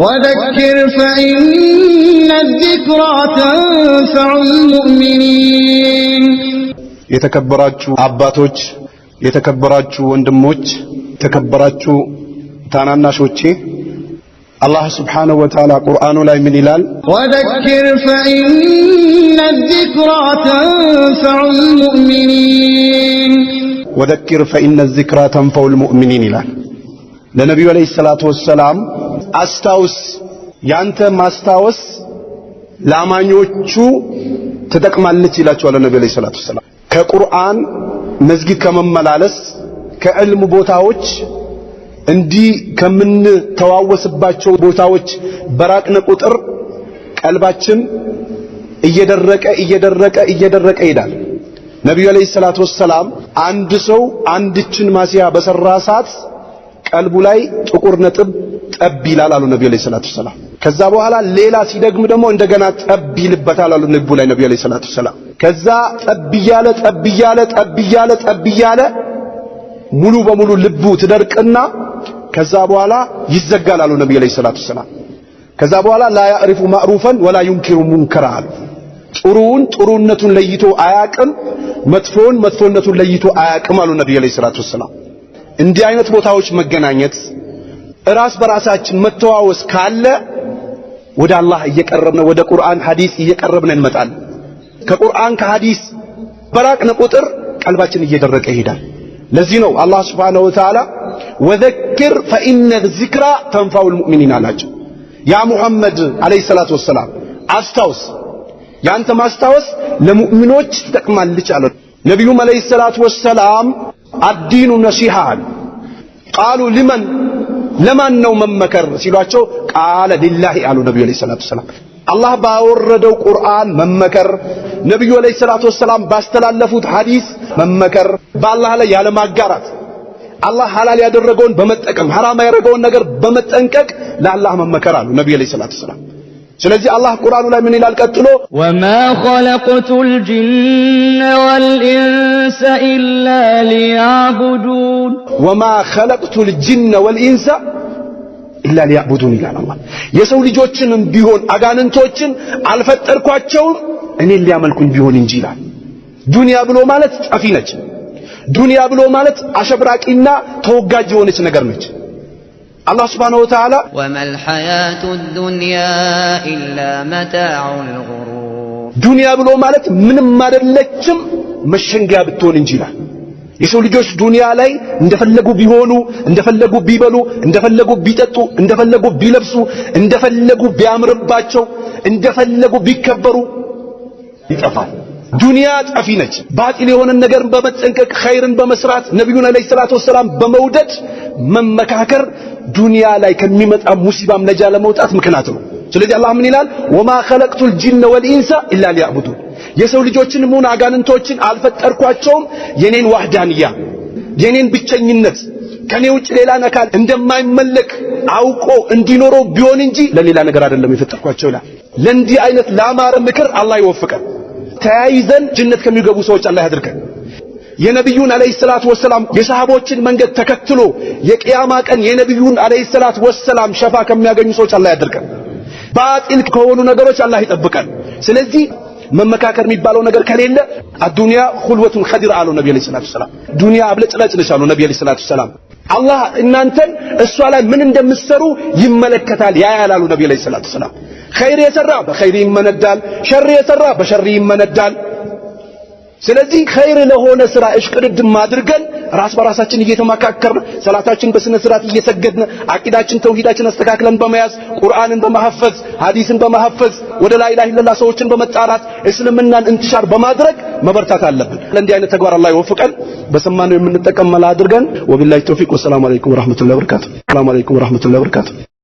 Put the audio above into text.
وذكر فإن الذكرى تنفع المؤمنين يتكبرات عباتوك يتكبرات وندموش يتكبرات تانانا شوشي الله سبحانه وتعالى قرآن لا من إلال وذكر فإن الذكرى تنفع المؤمنين وذكر فإن الذكرى تنفع المؤمنين إلال لنبي عليه الصلاة والسلام አስታውስ። ያንተ ማስታወስ ለአማኞቹ ትጠቅማለች ይላቸዋል ነብዩ አለይሂ ሰላቱ ሰላም። ከቁርአን መዝጊድ ከመመላለስ ከዕልም ቦታዎች እንዲህ ከምንተዋወስባቸው ቦታዎች በራቅነ ቁጥር ቀልባችን እየደረቀ እየደረቀ እየደረቀ ይሄዳል። ነቢዩ አለይሂ ሰላቱ ወሰላም አንድ ሰው አንድችን ማስያ በሰራ ሰዓት ቀልቡ ላይ ጥቁር ነጥብ ጠብ ይላል አሉ ነብዩ አለይሂ ሰላቱ ሰላም። ከዛ በኋላ ሌላ ሲደግም ደግሞ እንደገና ጠብ ይልበታል አሉ ልቡ ላይ ነብዩ አለይሂ ሰላቱ ሰላም። ከዛ ጠብ እያለ ጠብ እያለ ጠብ እያለ ጠብ እያለ ሙሉ በሙሉ ልቡ ትደርቅና ከዛ በኋላ ይዘጋል አሉ ነብዩ አለይሂ ሰላቱ ሰላም። ከዛ በኋላ ላ ያዕሪፉ ማዕሩፈን ወላ ዩንኪሩ ሙንከራ አሉ። ጥሩውን ጥሩነቱን ለይቶ አያቅም፣ መጥፎውን መጥፎነቱን ለይቶ አያቅም አሉ ነብዩ አለይሂ ሰላቱ ሰላም። እንዲህ አይነት ቦታዎች መገናኘት ራስ በራሳችን መተዋወስ ካለ ወደ አላህ እየቀረብን ወደ ቁርአን ሐዲስ እየቀረብን እንመጣለን። ከቁርአን ከሐዲስ በራቅን ቁጥር ቀልባችን እየደረቀ ይሄዳል። ለዚህ ነው አላህ ሱብሓነሁ ወተዓላ ወዘክር ፈኢነ ዚክራ ተንፋውል ሙእሚኒን አላቸው። ያ ሙሐመድ ዓለይሂ ሰላቱ ወሰላም አስታውስ፣ ያንተ ማስታወስ ለሙእሚኖች ትጠቅማለች አለ። ነቢዩም ዓለይሂ ሰላቱ ወሰላም አዲኑ ነሲሃ ቃሉ ሊመን ለማን ነው መመከር ሲሏቸው ቃለ ሊላሂ አሉ ነብዩ አለይሂ ሰላቱ ሰላም። አላህ ባወረደው ቁርአን መመከር፣ ነብዩ አለይሂ ሰላቱ ሰላም ባስተላለፉት ሐዲስ መመከር፣ በአላህ ላይ ያለማጋራት፣ አላህ ሐላል ያደረገውን በመጠቀም ሐራም ያደረገውን ነገር በመጠንቀቅ ለአላህ መመከር አሉ ነብዩ አለይሂ ሰላቱ ሰላም። ስለዚህ አላህ ቁርአኑ ላይ ምን ይላል? ቀጥሎ ወማ ኸለቅቱል ወል ኢንሰ ኢላ ሊያዕቡዱን ወማ ኸለቅቱል ወል ወልኢንሰ ኢላ ሊያዕቡዱን ይላል አላህ። የሰው ልጆችንም ቢሆን አጋንንቶችን አልፈጠርኳቸውም እኔን ሊያመልኩኝ ቢሆን እንጂ ይላል። ዱንያ ብሎ ማለት ጠፊ ነች። ዱንያ ብሎ ማለት አሸብራቂና ተወጋጅ የሆነች ነገር ነች። አላህ ስብሓነሁ ወተዓላ ወመል ሐያቱ ዱንያ ኢላ መታዑል ጉሩር ዱንያ ብሎ ማለት ምንም አይደለችም መሸንጊያ ብትሆን እንጂ ይላል። የሰው ልጆች ዱንያ ላይ እንደፈለጉ ቢሆኑ፣ እንደፈለጉ ቢበሉ፣ እንደፈለጉ ቢጠጡ፣ እንደፈለጉ ቢለብሱ፣ እንደፈለጉ ቢያምርባቸው፣ እንደፈለጉ ቢከበሩ ይጠፋል። ዱንያ ጠፊ ነች። ባጢል የሆነን ነገርን በመጠንቀቅ ኸይርን በመስራት ነቢዩን ዓለይሂ ሰላቱ ወሰላም በመውደድ መመካከር ዱንያ ላይ ከሚመጣ ሙሲባም ነጃ ለመውጣት ምክንያት ነው። ስለዚህ አላህ ምን ይላል? ወማ ኸለቅቱል ጂነ ወልኢንሳ ኢላ ሊያዕቡዱን የሰው ልጆችን ሆነ አጋንንቶችን አልፈጠርኳቸውም የኔን ዋህዳንያ የኔን ብቸኝነት ከኔ ውጭ ሌላን አካል እንደማይመለክ አውቆ እንዲኖረው ቢሆን እንጂ ለሌላ ነገር አይደለም የፈጠርኳቸው ይላል። ለእንዲህ አይነት ላማረ ምክር አላህ ይወፍቀን። ተያይዘን ጅነት ከሚገቡ ሰዎች አላህ ያድርገን። የነቢዩን አለይሂ ሰላት ወሰላም የሰሃቦችን መንገድ ተከትሎ የቅያማ ቀን የነቢዩን አለይሂ ሰላት ወሰላም ሸፋ ከሚያገኙ ሰዎች አላህ ያደርገን። ባጢል ከሆኑ ነገሮች አላህ ይጠብቀን። ስለዚህ መመካከር የሚባለው ነገር ከሌለ አዱንያ ሁልወቱን ኸዲር አለው ነቢ አለይሂ ሰላቱ ሰላም። ዱንያ አብለጭላጭ ነች አሉ ነቢ አለይሂ ሰላቱ ሰላም። አላህ እናንተን እሷ ላይ ምን እንደምትሰሩ ይመለከታል ያያል አሉ ነቢ አለይሂ ሰላቱ ሰላም። ኸይር የሰራ በኸይር ይመነዳል፣ ሸር የሰራ በሸር ይመነዳል። ስለዚህ ኸይር ለሆነ ስራ እሽቅድድም አድርገን ራስ በራሳችን እየተመካከርን ሰላታችን በስነ ስርዓት እየሰገድን አቂዳችን ተውሂዳችን አስተካክለን በመያዝ ቁርአንን በማሐፈዝ ሐዲስን በማሐፈዝ ወደ ላይ ኢላሀ ኢለላህ ሰዎችን በመጣራት እስልምናን እንትሻር በማድረግ መበርታት አለብን። ለእንዲህ አይነት ተግባር አላህ ይወፍቀን። በሰማነው የምንጠቀም መላ አድርገን። ወቢላሂ ተውፊቅ። ወሰላሙ አለይኩም ወራህመቱላሂ ወበረካቱ። አለይኩም ወራህመቱላሂ ወበረካቱ።